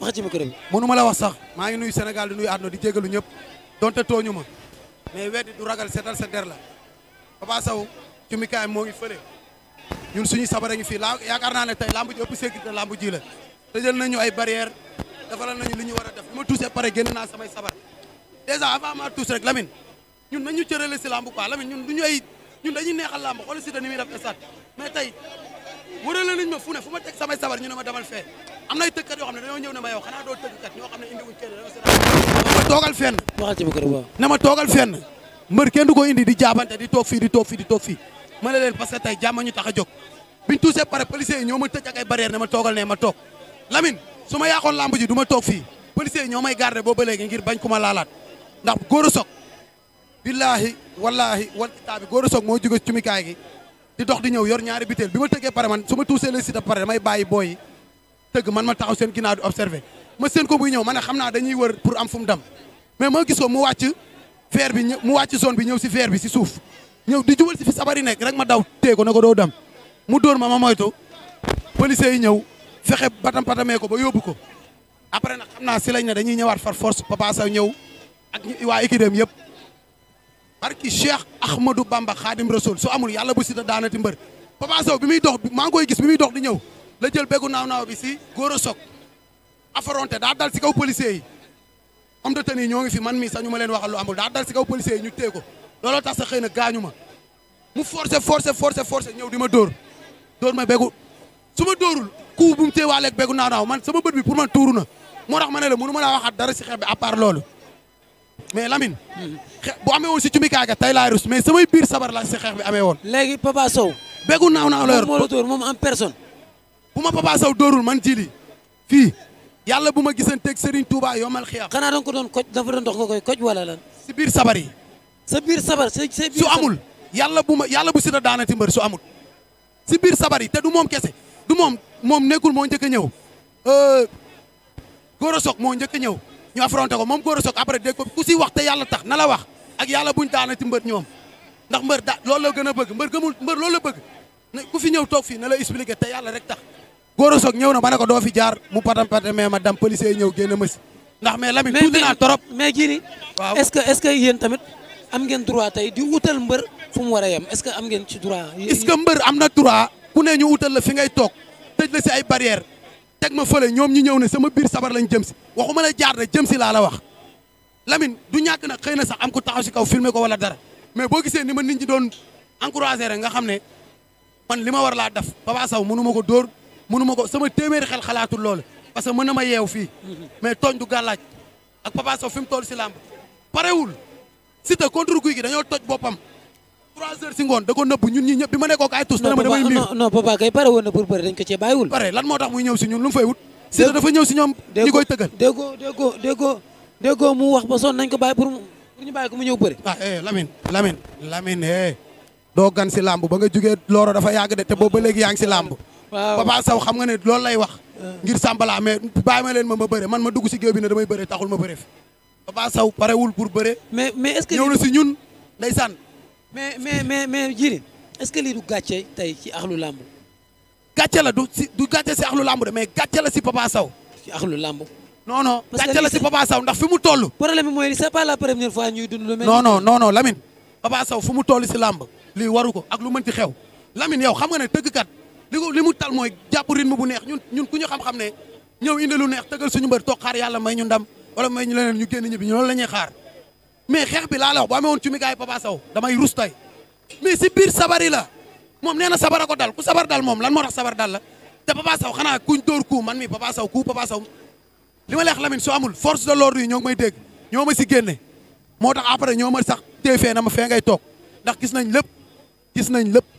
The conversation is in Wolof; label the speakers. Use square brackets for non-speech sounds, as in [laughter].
Speaker 1: wax nu ma la wax sax maa ngi nuyu Sénégal di nuyu àdduna di jégalu ñëpp donte tooñu ma mais weddi du ragal seetal sa der la Papa Sow ci mikaay moo ngi fële ñun suñu sabara ngi fii laa yaakaar naa ne tey lamb ji ëpp sécurité lamb ji la tëjal nañu ay barrière defalal nañu li ñu war a def li ma tuusee pare génn naa samay sabar dèjà avant ma tuus rek Lamine ñun nañu cërale si lamb quoi Lamine ñun du ñu ay ñun dañuy neexal lamb xool si te ni muy esat mais tey wërale nañ ma fu ne fu ma teg samay sabar ñu na ma demal fee am nay tëggkat yoo xam ne dañoo ñëw ne ma yow xanaa doo tëggkat ñoo xam ne indiwuñ kenn dañoo seetaan ma toogal fenn ne ma toogal fenn mbër kenn du ko indi di jaabante di toog fii di toog fii di toog fii ma ne leen parce que tey jàmm ñu tax a jóg biñ tuusee pare policiers ñoo ma tëj ak ay barrière ne ma toogal ne ma toog Lamine su ma yaaxoon lamb ji du ma toog fii policiers ñoo ma garder boo ba léegi ngir bañ ku ma laalaat ndax góor a soog billaahi wallaahi wal kitaabi góor a soog moo ci cumikaay gi di dox di ñëw yor ñaari butéel bi ma tëggee pare man su ma tuusee le site pare damay bàyyi booy tëgg man ma taxaw seen ginnaaw di observé ma seen ko buy ñëw ma ne xam naa dañuy wër pour am fu mu dem mais ma gis ko mu wàcc feer bi mu wàcc zone bi ñëw si feer bi si suuf ñëw di jubal si fi sabari nekk rek ma daw tee ko ne ko doo dem mu dóor ma ma moytu policiers yi ñëw fexe batam patamee ko ba yóbbu ko après na xam naa si lañ ne dañuy ñëwaat far force Papa ñëw ak waa équipe yëpp barki Cheikh Ahmadou Bamba Khadim Rasoul soo amul yàlla bu Siteu daanati mbër Papa Sow bi muy dox maa ngi gis bi muy dox di ñëw la jël béggu naaw naaw bi si góor a soog affronté daa dal si kaw policiers yi homme de ni ñoo ngi fi man mii sax ñu ma leen waxal lu amul daa dal si kaw policiers yi ñu téye ko looloo tax sa xëy na gaañu ma mu forcé forcé forcé ñëw di ma door dóor ma béggu su ma dóorul ku bu mu téewaaleeg béggu naaw naaw man sama bët bi pour man tuuru na moo tax ma ne la mënu ma laa waxaat dara si xeex bi à part loolu mais Lamine. xe bu amee woon si cumi kaaga tey laay rus mais samay biir sabar laa si xeex bi amee woon. léegi Papa Sow. beegu naaw naaw la yor moom moo moom en personne. bu ma Papa Sow doorul man jili fii yàlla bu ma gisanteeg Serigne Touba yomal xiyam. xanaa da nga ko doon koj dafa doon dox nga koy koj wala lan. si biir sabar yi. sa biir sabar sa biir su amul yàlla bu ma yàlla bu si da daanati mbër su amul. si biir sabar yi te du moom kese du moom moom nekkul moo njëkk a ñëw. Euh, Goro Sok moo njëkk ñëw. ñu affronté ko moom Gora Sock après dégg ko ku si wax te yàlla tax na la wax ak yàlla buñ daanati mbër ñoom ndax mbër da loolu la gën a bëgg mbër gëmul mbër loolu la bëgg na ku fi ñëw toog fi na la expliqué te yàlla rek tax Gora Sock ñëw na ma ne ko doo fi jaar mu patam patam mais ma dam policier ñëw génn ma si ndax mais Lamine tuuti naa trop mais gii nii waaw est-ce que est yéen tamit am ngeen droit tey di wutal mbër fu mu war a yem ce que am ngeen ci droit est-ce que mbër am na droit ku ne ñu wutal la fi ngay toog tëj la si ay barrière teg ma fële ñoom ñu ñëw ne sama biir sabar lañ jëm si waxuma la jaar de jëm si laa la wax lamin du ñàkk nag xëy na sax am ko taxaw si kaw filmer ko wala dara mais boo gisee ni ma nit ñi doon encouragé rek nga xam ne man li ma war laa def Papa Sow mënu ko dóor mënu ma ko sama téeméeri xel xalaatul loolu parce que mën na ma yeew fii [laughs] mais tooñ du gàllaaj ak Papa Sow fi mu toll si làmb parewul si te contre ku gi dañoo toj boppam 3 heures si ngoon da ko nëbb ñun ñi ñëpp bi ma nekkoon ay tus. dama na ko cee bàyyiwul. pare ba sonn nañ mu ñëw bëri. ah eh Lamine Lamine Lamine eh doo gan si ba nga jugee looro dafa yàgg de te ba léegi yaa ngi si làmb. waaw Papa Sow xam nga ne loolu lay wax. Eh. ngir sambala mais bàyyi ma leen ma ma bëre man ma dugg si géew bi ne damay bëre taxul ma bëre fi Papa Sow parewul pour bëre. mais mais est-ce que ñëw na si ñun ndeysaan mais mais mais mais Djily est-ce que lii du gàcce tey ci axlu làmb gàcce la du si du gàcce si axlu làmb de mais gàcce la si Papa Sow ci axlu làmb non gàcce la si Papa Sow ndax fi mu toll problème bi mooy c'est pas la première fois ñuy dund lu mel non non non non Lamine Papa Sow fu mu toll si làmb lii waru ko ak lu mën ci xew Lamine yow xam nga ne tëggkat li li mu tal mooy jàpp rythme bu neex ñun ñun ku ñu xam-xam ne ñëw indi lu neex tëggal suñu mbër toog xaar yàlla may ñu ndam wala may ñu leneen ñu génn ñibbi ñu la ñuy xaar mais xeex bi laa la wax boo amee woon ci mi gaay Papa Sow damay rus tey mais si biir sabar la moom nee na sabara ko dal ku sabar dal moom lan moo tax sabar dal la te Papa Sow xanaa kuñ dóor ku man mi Papa Sow ku Papa Sow li ma leex Lamine soo amul force de l'ordre yi ñoo ngi may dégg ñoo ma si génne moo tax après ñoo ma sax téye na ma fee ngay toog ndax gis nañ lépp gis nañ lépp